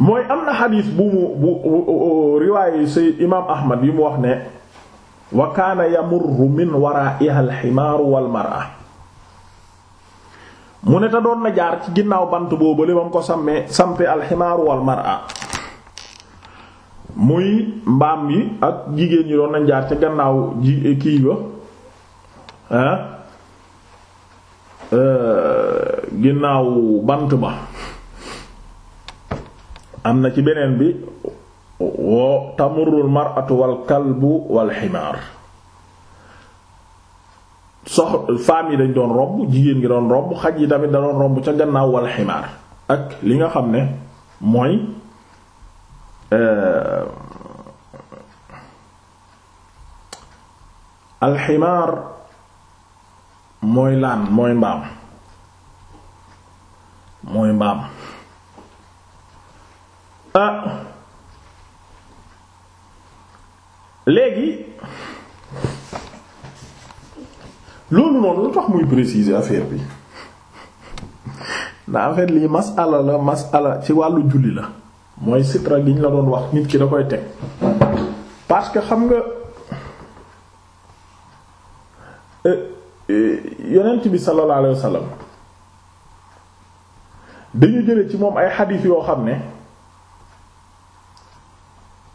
mooy am na xadiis bu mu bu riwaaye say imaam ahmad yi mu wax ne wa kaana yamurru min waraa'iha alximaaru walmara mu ne te doon na jaar ci ginnaaw bant boobale ba mu ko sammee sampe alximaaru walmara muy mbaam yi ak jigéen ñi doon na jaar ca gannaaw ji kii ba ah euh, bant ba am na ci beneen bi woo tamurul mar'atu wal kalbu sox femme yi dañ doon romb jigéen ngi doon romb xaj yi tamit da doon romb ca gannaaw wal ak li nga xam ne mooy euh, alximaar mooy laan mooy mbaam mooy mbaam ah léegi loolu noonu lu tax muy préciser affaire bi ndax en lii masala la masala ci wàllu julli la mooy sitra gi ñu la doon wax nit ki da koy teg parce que xam nga euh, euh, yonent bi sallallahu alayhi wasallam dañu jële ci moom ay xadiis yoo xam ne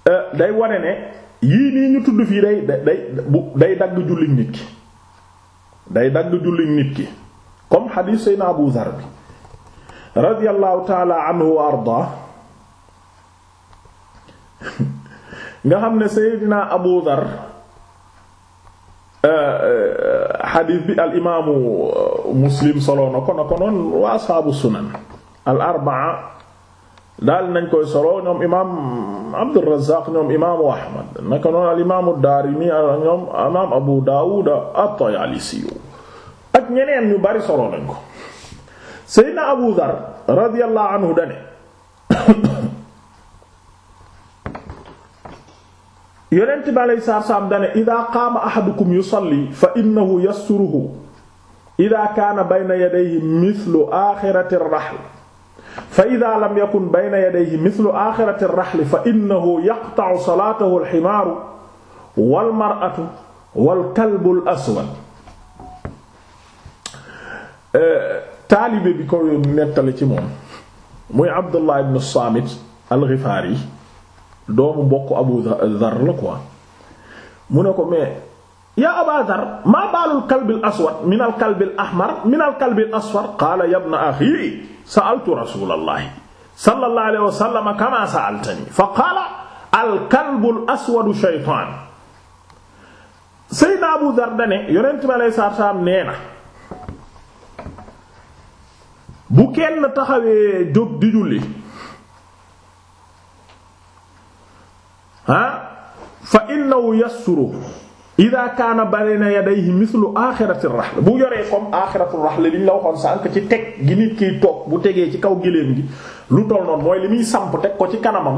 Euh, day ware ne yii nii ñu tudd fii day day day dagg jullit nit ki day dagg jullit nit ki comme xadiis sayna Abu Zar bi radiyallahu taala anhu wa ardaa nga xam ne seydina abu dhar xadiis euh, euh, bi al imaamu muslim solo na ko na ko waa asxaabu sunan al arbaa daal nañ koy solo ñoom imaam Abdurrazzaq ñoom imaamu Ahmad naka noonu al imaamu Daarimi ñoom imaam Abu Daawud at-Tayaalisi ak ñeneen ñu bari solo nañ ko Seydina Abu Dhar radiyallahu anhu dane yonent bi alayhi salaatu salaam dane idaa qaama ahadukum yusalli fa innahu yasturuhu idaa kaana bayna yadayhi mithlu aaxirati rahl fa ida lam yakun bayna yadayhi mithlu axirati raxli fa innahu yaqta'u salaatahu alximaaru walmaratu walkalbu aswad taalibe bi ko nettali ci moom muy abdullah ibn saamit alxifaari doomu mbokk abu dhar la quoi mu ne ko mais yaa aba dhar maa baalul kalbil aswad minal kalbil ahmar minal kalbil asfar qaala yabna axi sa'altu rasulallahi sallallahu alayhi wa sallam kama sa'altani fa qaala al kalbul aswadu shaytaan Seydina Abu Dar dane yonent bi alayhi salaatu salaam nee na bu kenn taxawee jóg di julli ah fa innahu yasuru ida kaana bayna yadayhi mislu axirati raxl bu yoree comme axiratu raxl li ñu la waxoon sànk ci teg gi nit kiy toog bu tegee ci kaw géléem gi lu toll noonu mooy li muy samp teg ko ci kanamam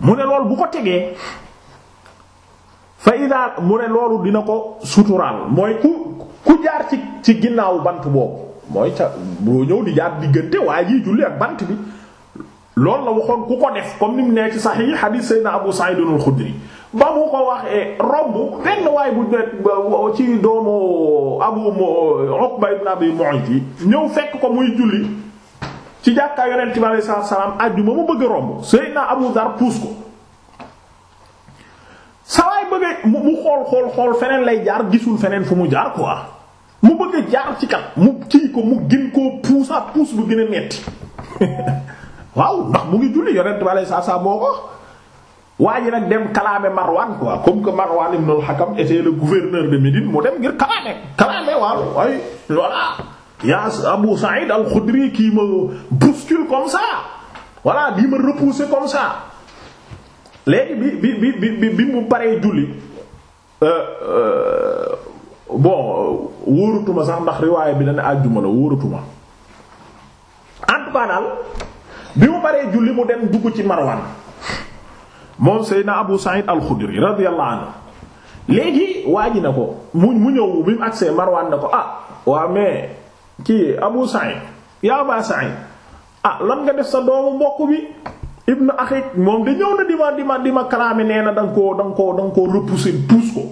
mu ne loolu bu ko tegee fa ida mu ne dina ko suturaal mooy ku ku jaar ci ci ginnaawu bant boobu mooy ca boo ñëw di jaar diggante waaye jii julli ak bant bi loolu na waxoon ku ko def comme ni mu nee ci saxiix xadiis Seydina Abu Saïd al-Xudri ba mu ko waxee romb benn waay bu nekk ci doomu Abu Uqba ibn Abi Mu'ayt yi ñëw fekk ko muy julli ci jàkkaa yonent bi alayhi salaatu mu bëgg a romb Seydina Abu Dar puus ko sa bëgg mu xool xool xool feneen lay jaar gisul feneen fu mu jaar quoi mu bëgg a jaar ci kat mu kii ko mu gën koo puusaat puus bu gën a metti waaw ndax mu ngi julli yonent bi alayhi salaatu salaam boo ko waa ji nag dem kalaame Marwan quoi comme que Marwan ibn al-Hakam était le gouverneur de Médine mu dem ngir kalaame kalaame waaw ay voilà yaa Abu Sa'id al-Khudri qui me comme ça voilà di ma repousser comme ça léegi bi bi bi bi bi mu paree julli euh, euh, bon euh, wóoratuma sax ndax riwaaya bi dana àjjuma la wóoratuma en tout bi mu paree julli mu dem dugg ci Marwan moom sey naa Abu Sa'id al-Khudri radiyallahu anhu léegi waaji na ko mu mu ñëw bi mu agsee Marwan na ko ah waa mais kii Abu Sa'id yaa Aba Sa'id ah lan nga def sa doomu mbokk bi ibnu axik moom de ñëw na di ma di ma di ma nee na danga koo danga koo danga koo repousser pousse ko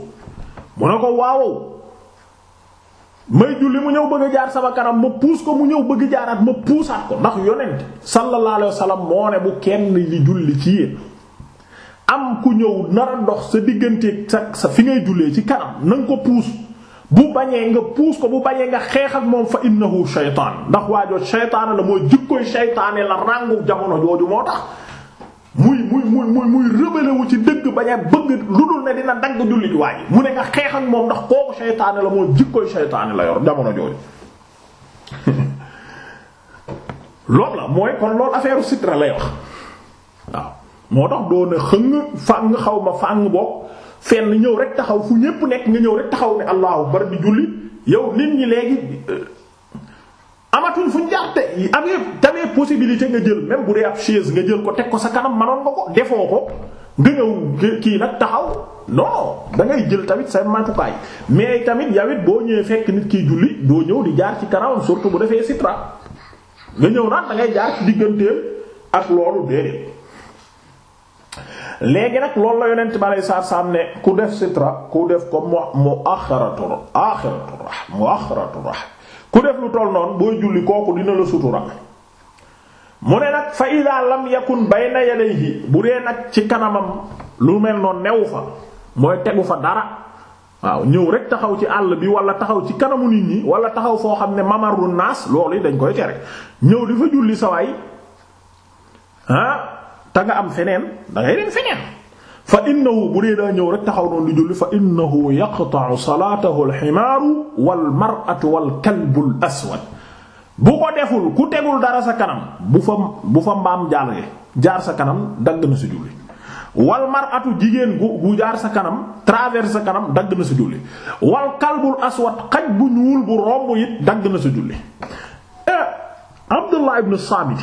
mu ne ko waawow may julli mu ñëw bëgg a jaar sama kanam ma pousse ko mu ñëw bëgg jaaraat ma puusaat ko ndax yonent sallallahu alayhi wasallam moo ne bu kenn li julli ci am ku ñëw nar ndox sa diggante sa sa fi ngay jullee ci kanam na ko puus bu bañee nga puus ko bu bañee nga xeexal moom fa innahu shaytaan ndax waajoo shaytaana la mooy jikkoy shaytaane la ràngu jamono jooju moo tax muy muy muy muy muy rébélé ci dëgg bañ bëgg lu ne dina dagg jullit waaye mu ne nga moom ndax kooku shaytaane la mooy jikkoy shaytaane la yor jamono jooju loolu la mooy kon loolu affaire sitra lay wax moo tax doon a xëng fàng xaw ma fàng bokk fenn ñëw rek taxaw fu ñépp nekk nga ñëw rek taxaw ne allahu bar bi julli yow nit ñi léegi euh, amatuñ fu ñu jarte amee tamee possibilité nga jël même bu dee ab nga jël ko teg ko sa kanam manoon ko ko defoo ko nga ñëw kii nag taxaw non da ngay jël tamit sa matukaay mais tamit yawit boo ñëwee fekk nit kiy julli doo ñëw di jaar ci kanamam surtout bu defee sitra nga ñëw naan da ngay jaar ci digganteem ak loolu déedéet léegi nag loolu la yonent ba lay saar saam ne ku def sitra ku def ko mu mu axaratu axaratu rax mu axaratu rax ku def lu toll noonu booy julli kooku dina la sutura mu ne nag fa ida bay na bayna yadayhi bu dee nag ci kanamam lu mel noon newu fa mooy tegu fa dara waaw ñëw rek taxaw ci àll bi wala taxaw ci kanamu nit ñi wala taxaw foo xam ne mamaru naas loolu dañ koy tere ñëw di fa julli sawaay ah, danga am feneen da ngay dem feneen fa innahu bu dee daa ñëw rek taxaw noonu di julli fa innahu yaqta'u salaatahu alximaaru wal mar'atu wal kalbul aswad bu ko deful ku tegul dara sa kanam bu fa bu fa mbaam jaaree jaar sa kanam dagg na sa julli wal mar'atu jigéen gu jaar sa kanam travers sa kanam dagg na sa julli wal kalbul aswad xaj bu ñuul bu romb it dagg na sa julli eh, Abdullah ibn Samit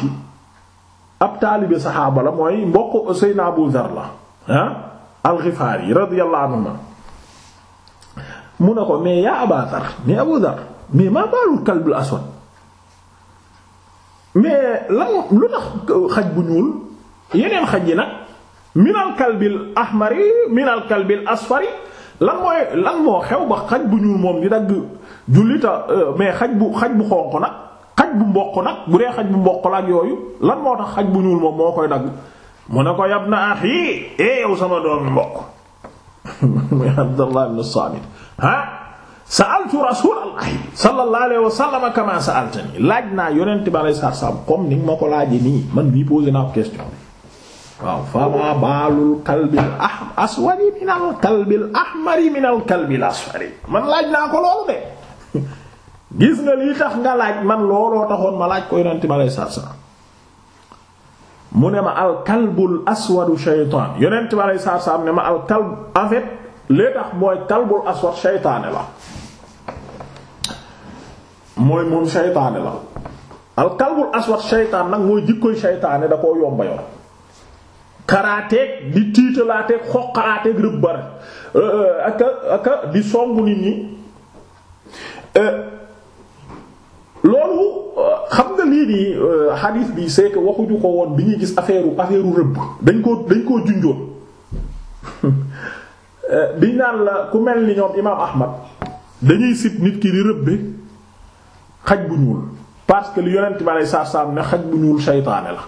ab taalibe saxaaba la mooy mbokk Seydina Abu Dhar la ah al-Ghifari radiyallahu mu ne ko mais yaa Aba Dhar mais Abu Dhar mais maa baalul kalbul aswad mais lan lu tax xaj bu ñuul yeneen xaj yi nag minal kalbil ahmari minal asfari lan mooy lan moo xew ba xaj bu ñuul moom di dagg jullita ah, mais xaj bu xaj bu xonq nag bu mboq nag bu dee xaj bu mboq la ak yooyu lan moo tax xaj bu ñuul moom moo koy dagg mu ne ko yab na axi eh yow sama doomi mboq muy Abdallah ibn Samit ah sa'altu rasulallahi sallallahu sa'altani laaj naa yonent bi alayhi salaam comme ni ma ko laajee nii man bii posé naa ko question waaw fama baalul kalbil ah aswari minal kalbil ahmari minal aswari man laaj naa ko loolu de gis nga lii tax nga laaj man looloo taxoon ma laaj ko yonent ma lay saar saar mu ne ma alkalbul aswadu shaytaan yonent ma lay saar saar ne ma alkalb en fait tax mooy kalbul aswad shaytaane la mooy moom shaytaane la alkalbul aswad shaytaan nag mooy jikkoy shaytaane da koo yomba yoon karaateeg di tiitalaateeg xoqalaateeg rëbbare aka euh, euh, aka di songu nit ñi euh, xam nga lii nii euh, hadith bi c'est waxuñu ko woon bi ñuy gis affaire affaire rëbb dañ koo dañ koo junjoon biñ euh, naan la ku mel ni ñoom imaam Ahmad dañuy sib nit ki di rëbbe xaj bu ñuul parce que li yonent bi aleyhi salaatu salaam ne xaj bu ñuul saytaane la.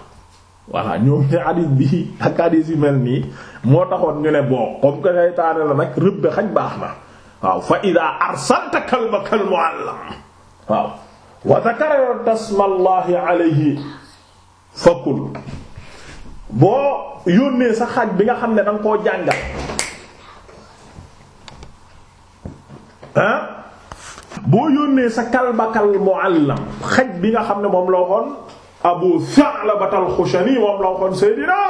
voilà ñoom ne hadith bi ak hadith yu mel nii moo taxoon ñu ne bon comme que saytaane la nag rëbbe xaj baax na waaw fa idaa arsalta kalbaka al waaw. wa zakara tasmallahi alayhi fakul boo yónnee sa xaj bi nga xam ne danga koo jàngal ah boo yónnee sa kalbakal muallam xaj bi nga xam ne moom la waxoon abu Sa'labat al moom la waxoon Seydina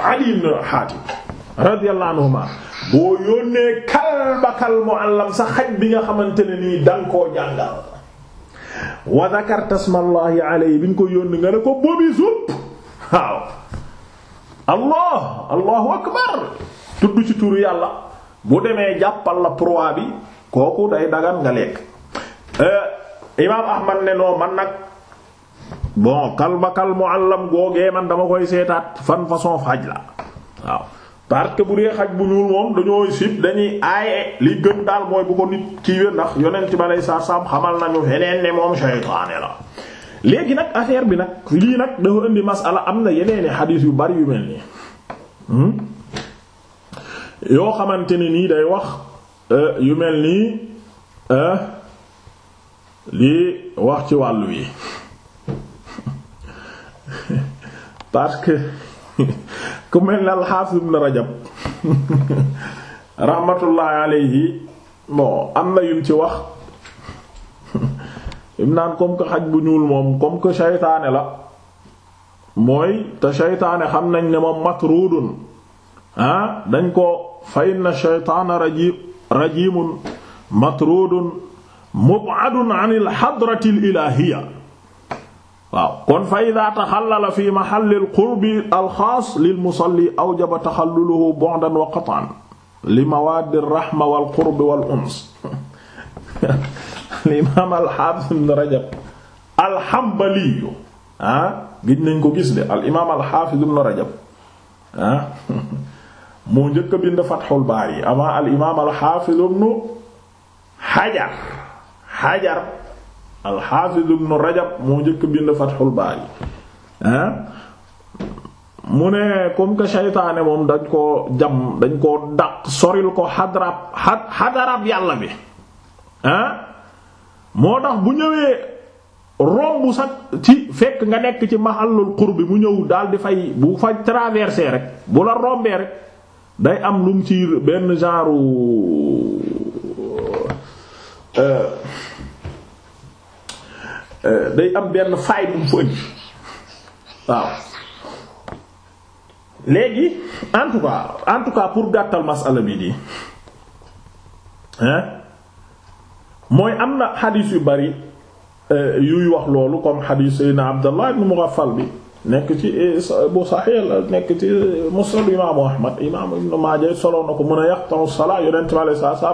Ali ibn Hatim radiyallahu anhuma boo yónnee kalbakal muallam sa xaj bi nga xamante ne nii danga koo jàngal wa dhakarta ismallahi bi nga ko yónni nga ne ko boobi supp waaw allah allahu akbar tudd ci turu yàlla bu demee jàppal la proie bi kooku day dagan nga lekk eh, imaam ahmad ne noo man nag bon kalbakal muallam googee man dama koy seetaat fan façon faj la parce que bu dee xaj bu ñuul moom dañoo sib dañuy aaye li gën daal mooy bu ko nit kiiwee ndax yonent ba lay saa xamal nañu feneen ne moom seytaane la léegi nag affaire bi nag lii nag dafa indi am na yeneeni xadiis yu bari yu mel hmm? xamante ne nii day wax euh, yu mel nii lii euh, wax ci wàllu yi parce que ku mel ne al-Hafiz Rajab rahmatullahi alayhi ci wax im naan comme que xaj bu ñuul moom comme que seytaane la mooy te seytaane xam nañ ne moom matrudun ah, dañ ko fa inna shaytaana raji rajimun matrudun mub'adun anil hadratil ilaahiyya waaw kon fa ida taxallala fi maxalli alqurbi alxaas lilmusalli awjaba taxalluluhu bondan wa qatan li mawaadi rahma walqurbi wal uns limaam alxaafis ibn rajab alxambali ah gis nañ ko gis de alimaam alxaafis ibn rajab ah moo njëkk a bind fatxul baari avant alimaam alxaafis ibn xajar xajar alxaafiz ibnu rajab moo jëkk bind fatxul baari hein mu ne comme que seytaane moom dañ koo jam dañ koo daq soril ko xadarab xadarab yàlla bi moo tax bu ñëwee romb sax ci fekk nga nekk ci mahallul qurbi mu ñëw daal di fay bu fa traversé rek bu la rombee rek day am lum ci benn genre euh, Euh, day am benn faay bu mu fa waaw léegi en tout cas en tout pour gàttal masala bi di hein mooy am na xadiis yu bari euh, yuy wax loolu comme xadiis Seydina Abdallah ibn Mughaffal bi nekk ci eh, bu saxiix nekk ci eh, musnad imaamu Ahmad imaamu Ibn Maaja solo na ko mën a yaqta'u salaa yonent bi alayhi salaatu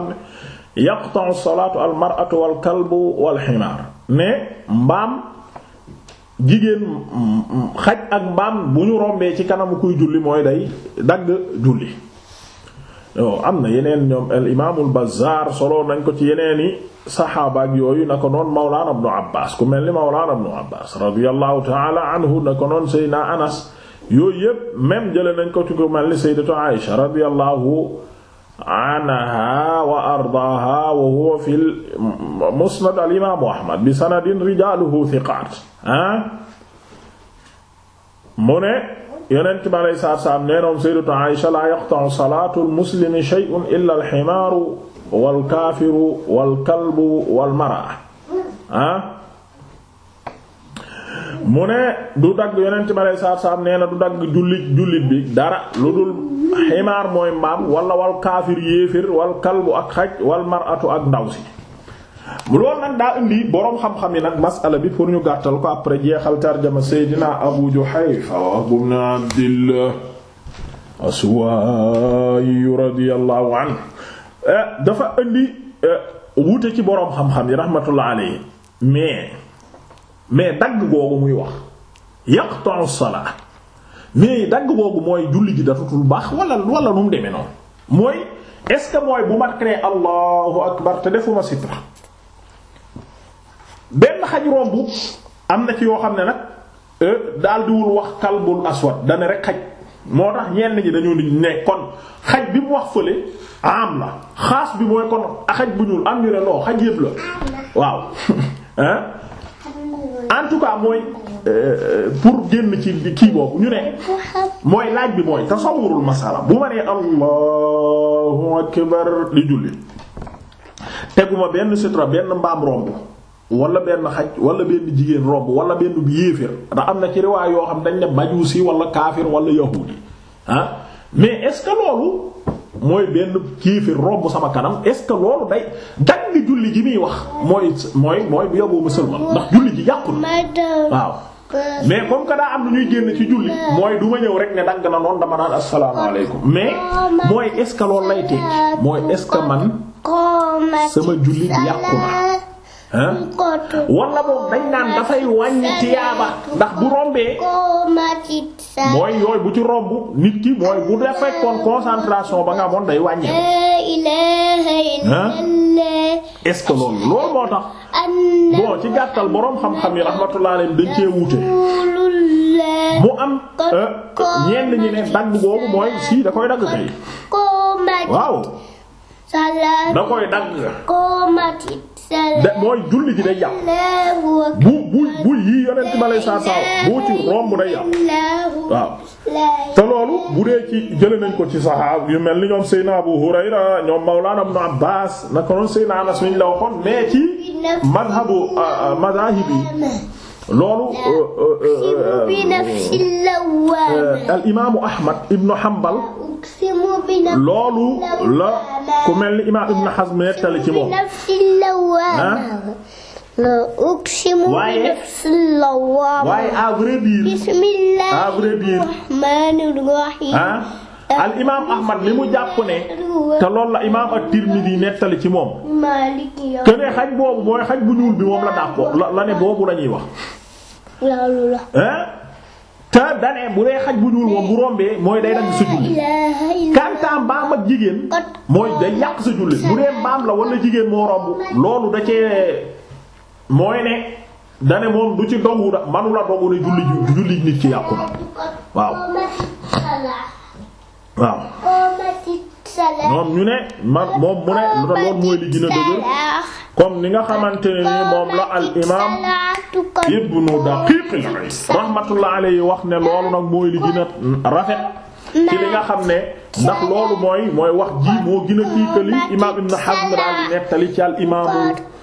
wa salaam ne al mar'atu wal kalbu wal ximaar mais mbaam jigéen xaj ak mbaam bu ñu rombee ci kanamu kuy julli mooy day dagg julli o oh, am na yeneen ñoom al imaamul Bazzaar solo nañ ko ci yeneeni saxaaba ak yooyu na ko noon mawlaana ibnu Abbaas ku mel ni mawlaana ibnu Abbaas radiyallahu taala anhu na ko noon Seydina Anas yooyu yépp même jële nañ ko ci ku mel ni Sayyidatu Aïsha radiyallahu anaha wa ardaaha wa huwa fi musnad al imaamu ahmad bi sanadin rijaaluhu thiqaat mu ne yonent bi alayhi salaatu salaam nee noom sayyidatu Aysha laa yaqta'u salaatu al muslimi shay'un illa al himaaru wal kaafiru wal kalbu wal mar'a mu ne du dagg yonent bi aleyhi salaatu salaam nee du dagg jullit jullit bi dara lu dul ximaar mooy mbaam wala wal kaafir yéefir wal kalbu ak xaj wal maratu ak ndaw si loolu nag daa indi boroom xam-xam yi nag masala bi pour ñu gàttal ko après jeexal tarjama Seydina Abu Juhayfa Wahb ibn Abdillah Aswayi radiyallahu anhu eh, dafa indi eh, wuute ci boroom xam-xam yi rahmatullah alayhi mais mais dagg googu muy wax yaqta'u salaa mais dagg googu mooy julli ji dafatul baax wala wala nu mu demee noonu mooy est-ce que mooy bu ma crée allahu akbar te defuma sitra benn xaj romb am na ci yoo xam ne nag euh, daal diwul wax kalbul aswad dana rek xaj moo tax ñenn ñi dañoo ne kon xaj bi mu wax fële am la xaas bi mooy kon xaj bu ñuul am ñu ne loo xaj yëpp la waaw ah en tout cas mooy euh, pour génn ci kii boobu ñu ne mooy laaj bi mooy tasawurul masala bu ma nee allahu akbar li julli teguma benn sutra benn mbaam romb wala benn xaj wala benn jigéen romb wala benn bu yéeféer ndax am na ci riwaay yoo xam dañ ne majuusi wala kaafir wala yahuudi ah mais est-ce que loolu mooy benn kiifir romb sama kanam est ce que loolu bay dagg julli ji muy wax mooy mooy mooy bu yoboo musulman ndax julli ji yàqul waaw mais comme que daa am lu ñuy génn ci julli mooy du ma ñëw rek ne dagg na noonu dama naan asalaamaaleykum mais mooy est ce que loolu lay tekki mooy est ce que man sama julli ji yàqu na wala boobu dañ naan dafay wàññi tiyaaba ndax bu rombee mooy yooyu bu ci romb nit ki mooy bu def fekkoon concentration ba nga amoon day wàññi est-ce que loolu loolu moo tax bon ci gàttal boroom xam-xam yi rahmatullah alayhim dañ cee wuute mu am euh, ñenn ñi ne dagg boobu mooy si da koy dagg kay waaw da koy dagg da mooy julli ji day yàqu bu bu bu yii yonent bi alay saa saa boo ci romb day yàqu waaw te loolu bu dee ci jële nañ ko ci saxaab yu mel ni ñoom Seyna Abu Hurayra ñoom Mawlana Ibn Abbas naka noonu Seyna Anas ñu la waxoon mais ci madhabu ah, ah, madhahibi loolu euh, euh, euh, al imaamu Ahmad ibnu Hanbal loolu la ku mel ni imaam Ibn Hazm nettali ci moom ah. waaye waaye à vrai ah, al imaam Ahmad li mu jàpp ne te loolu la imaam at-Tirmidhi nettali ci moom que ne xaj boobu mooy xaj bu ñuul bi moom la dàqoo la la ne boobu la wax. te danee bu dee xaj bu ñuul moom bu rombee mooy day dagg sa julli kantaa mbaam ak jigéen mooy day yàq sa julli bu dee mbaam la wala jigéen moo romb loolu da cee mooy ne dane moom du ci dogu da manu la ne julli julli nit ci yàqu na waaw waaw ñoom ñu ne man moom mu ne loolu mooy li gën a dëgër comme ni nga xamante ne ni moom la al imaam ibnu Daqiq al-Iid rahmatullah alayhi wax ne loolu nag mooy li gën a rafet ci li nga xam ne ndax loolu mooy mooy wax ji moo gën a kii que li imaam ibnu nettali ci al imaamu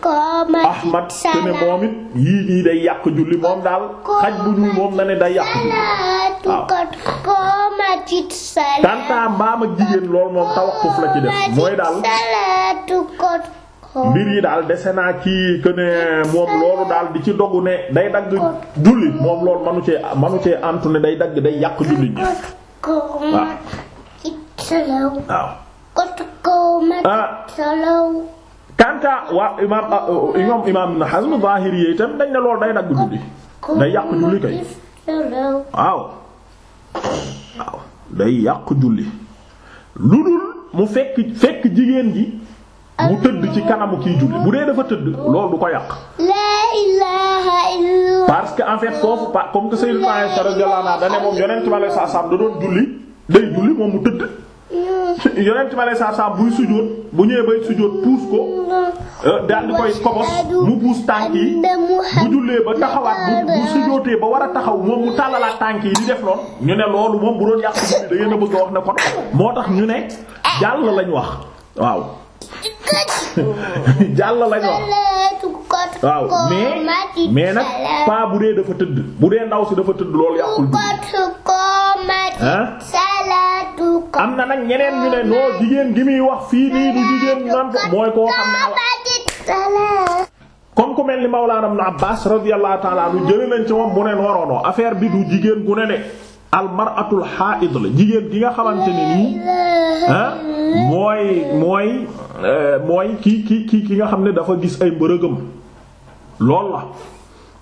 Ahmad te ne moom it yii nii day yàq julli moom daal xaj bu ñuul moom na ne day yàq julli waaw. tanta mbaam ak jigéen lool moom tawakkuf la ci def mooy daal mbir yi daal dese naa ci que moom loolu daal di ci dogu ne day dagg julli moom loolu manu cee manu cee antu ne day dagg day yàq julli ñi waaw waaw. kanta waa imaam ñoom ah, oh, imaam Ibn Hazm Zahiri yi tam dañ ne loolu day dagg julli day yàq julli kay waaw waaw day yàq julli lu dul mu fekk fekk jigéen ji mu tëdd ci kanamu kiy julli bu dee dafa tëdd loolu du ko yàq parce que en fait foofu comme que Sayyidou Aïcha radiyallahu anha da moom yonent bi sallallahu alayhi wasallam da julli day julli moom mu tëdd yonent ma lay saa saaf buy sujjóot bu ñëwee bay sujjóot puus ko euh, daal koy kobos mu puus tànk yi bu jullee ba taxawaat bu bu sujjóotee ba war a taxaw moom mu tànk yi di def lool ñu ne loolu moom bu doon yàq julli da ngeen a bëgg a wax na ko moo tax ñu ne jàll lañu wax waaw jàll lañ wax waaw mais mais nag pas bu dee dafa tëdd bu dee ndaw si dafa tëdd loolu yàqul julli am na nag ñeneen ñu ne noo jigéen gi muy wax fii nii du jigéen nan mooy koo xam ne comme lu jëlee ci moom mu ne nooroonoo affaire bi du jigéen gu ne de la jigéen gi nga xamante ne nii ah mooy eh, ki ki xam ne dafa gis ay mbërëgëm lool la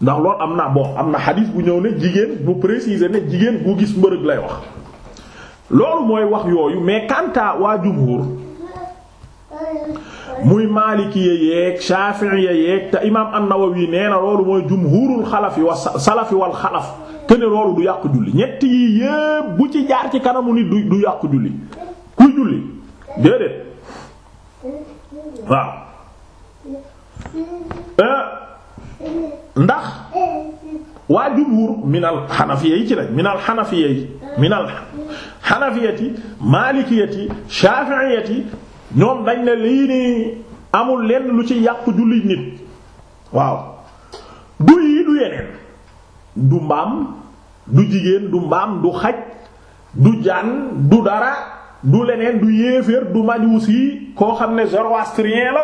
ndax lool am na bon am na xadiis bu ñëw ne jigéen bu préciser ne jigéen bu gis mbërëg lay wax. loolu mooy wax yooyu mais kanta waa jumhur muy maaliki ya yeeg shafi'i ya yeeg te imaam an-Nawawi nee na loolu mooy jumhurul xalafi wa salafi wal xalaf te loolu du yàqu julli ñett yi yépp bu ci jaar ci kanamu nit du yàqu julli kuy julli déedéet waaw eh, ndax waa jumhur minal xanafiya yi ci lañ minal xanafiya yi minal xanafiyati maalikiyati shaafiyati ñoom dañ ne lii nii amul lenn lu ci yàq jullit nit waaw du yii du yeneen du mbaam du jigéen du mbaam du xaj du jaan du dara du leneen du yéeféer du majuus koo xam ne zoroastrien la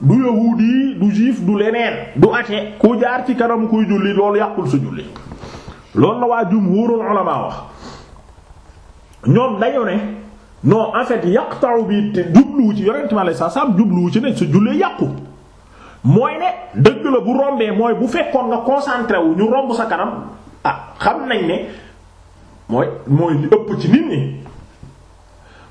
du yahuudi du juif du leneen du athée ku jaar ci kanam kuy julli loolu yàqul sa julli loolu na waa jumhurul ulama wax ñoom dañu ne non en yàq yaqta'u bi te jubluwu ci yonent ma lay sa sam jubluwu ci ne sa julli yàqu mooy ne dëgg la bu rombee mooy bu fekkoon nga concentré wu ñu romb sa kanam ah xam nañ ne mooy mooy li ëpp ci nit ñi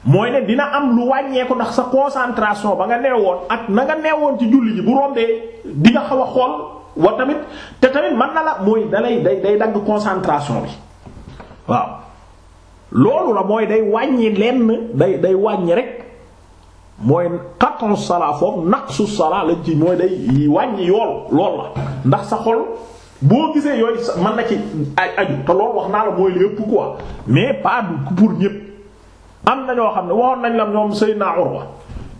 mooy ne dina am lu wàññeeku ndax sa concentration ba nga woon ak na nga nee woon ci julli ji bu rombee di nga xaw a xool wa tamit te tamit mën na la mooy dalay day day dagg concentration bi waaw loolu la mooy day wàññi lenn day day wàññi rek mooy qat'u salaa foofu naqsu salaa lañ ci mooy day wàññi yool lool la ndax sa xol boo gisee yooyu mën na ci aju te loolu wax naa la mooy lépp quoi mais pas pour ñépp am na ñoo xam ne waxoon nañ la ñoom Seydina Urwa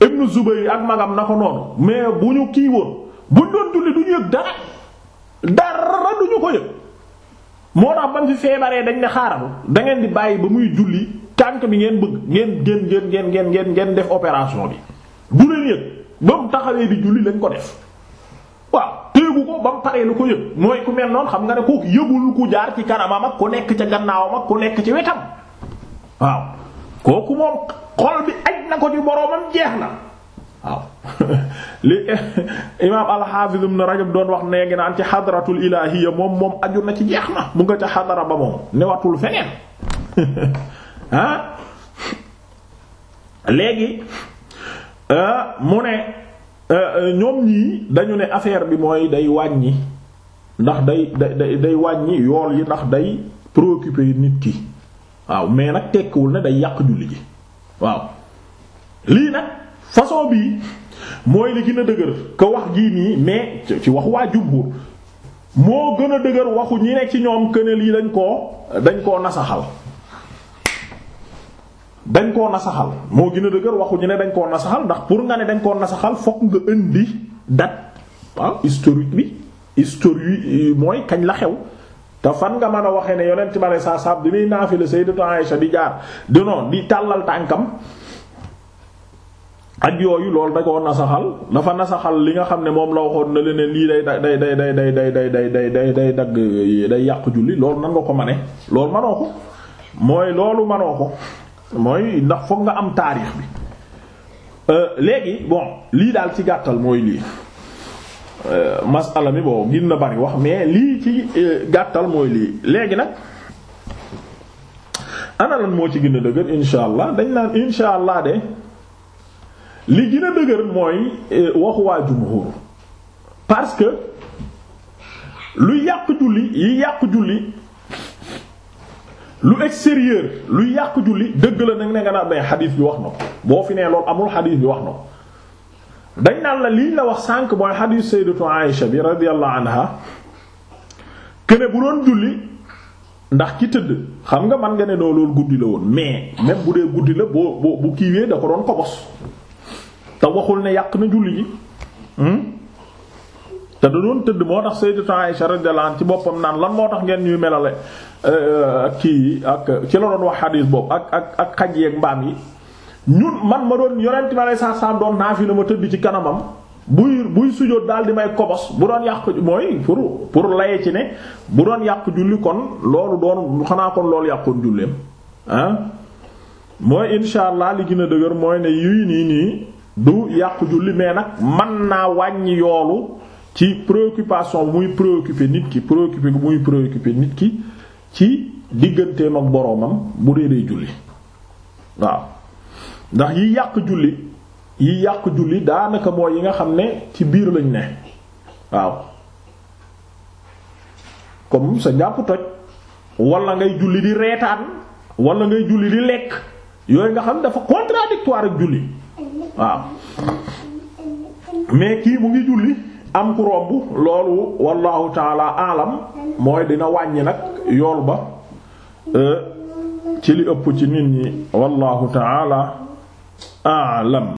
ibnu Zubayr ak magam na ko noonu mais bu ñu kii woon buñ doon julli du ñu yëg dara dara du ñu ko yëg moo tax ba mu feebaree dañ ne xaaral da di bàyyi ba muy julli tànk bi ngeen bëgg ngeen ngeen ngeen ngeen ngeen ngeen ngeen def opération bi du leen yëg ba mu taxawee di julli lañ ko def waaw téegu ko ba mu paree lu ko yëg mooy ku mel noonu xam nga ne kooku yëgul ku jaar ci kanamam ak ku nekk ca gannaawam ak ku nekk ci wetam waaw. kooku moom xol bi aj na ko ci boroomam jeex na waaw li imaam al-Hafiz Rajab doon wax neegi naan ci xadratul ilahiyya moom moom aju na ci jeex na mu nga ca xadara ba moom newatul feneen ah léegi ah, mu ne ah, ñoom ñii dañu ne affaire bi mooy day wàññi ndax day day day wàññi yool yi ndax day préoccuper nit ki waaw mais nag tekkiwul ne day yàq julli ji waaw lii nag façon bii mooy li gën a dëgër ko wax gii nii mais ci wax waa jumhur moo gën a dëgër waxu ñi nekk ci ñoom que ne dañ koo dañ koo nasaxal dañ koo nasaxal moo gën a dëgër waxu ñu ne dañ koo nasaxal ndax pour nga ne dañ koo nasaxal fokk nga indi date historique bi historique euh, mooy kañ la xew te fan nga mën a waxee ne yonent bale saa saab bi muy naafila sayyidatu Aisha di jaar di noonu di tàllal tànkam ak yooyu loolu da koo nasaxal dafa nasaxal li nga xam ne moom la waxoon na leneen lii day day day day day day day day day day day dagg day yàq julli loolu nan nga ko mane loolu manoo ko mooy loolu manoo ko mooy ndax foog nga am taarix bi léegi bon lii daal ci gàttal mooy lii Euh, masala mi boo gin na bari wax mais lii ci euh, gàttal mooy lii léegi nag ana moo ci gën a dëgër insha allah dañ naan insha allah de li gën a dëgër mooy euh, waxu waa jumhur parce que lu yàq julli yi yàq julli lu extérieur lu yàq julli dëgg la nag ne nga naan mais xadiis bi wax na boo fi nee loolu amul xadiis bi wax na dañ naan la lii la wax sànq mooy xadiis sayyidatu Aïsha bi radiyallahu anha këne bu doon julli ndax ki tëdd xam nga man nga ne doo loolu guddi la woon mais même bu dee guddi la boo boo bu kiiwee da ko doon kobos te waxul ne yàq na julli yi hmm? te da doon tëdd moo tax sayyidatu Aïsha radiyallahu anha ci boppam naan lan moo tax ngeen ñuy melale euh, ak kii yi ak ci la doon wax xadiis boobu ak ak ak xaj yeeg mbaam yi ñun man ma doon yonent ma lay saasam doon naafila ma tëdd ci kanamam buy buy sujjóot daal di may kobos bu doon yàq mooy pour pour laye ci ne bu doon yàq julli kon loolu doon xanaa kon loolu yàqoon julleem ah mooy insha allah li gën a dëgër mooy ne yii nii nii du yàqu julli mais nag man naa wàññi yoolu ci préoccupation bu muy préoccupé nit ki préoccupé bu muy préoccupé nit ki ci digganteem ak boroomam bu dee dee julli waaw ndax yi yàq julli yi yàq julli daanaka mooy yi nga xam ne ci biir lañ ne waaw comme sa njàpp toj wala ngay julli di reetaan wala ngay julli di lekk yooyu nga xam ne dafa contradictoire ak julli waaw mais kii bu ngi julli am ku romb loolu wallahu taala alam mooy dina wàññi nag yool ba euh, ci li ëpp ci nit ñi wallahu taala a'lam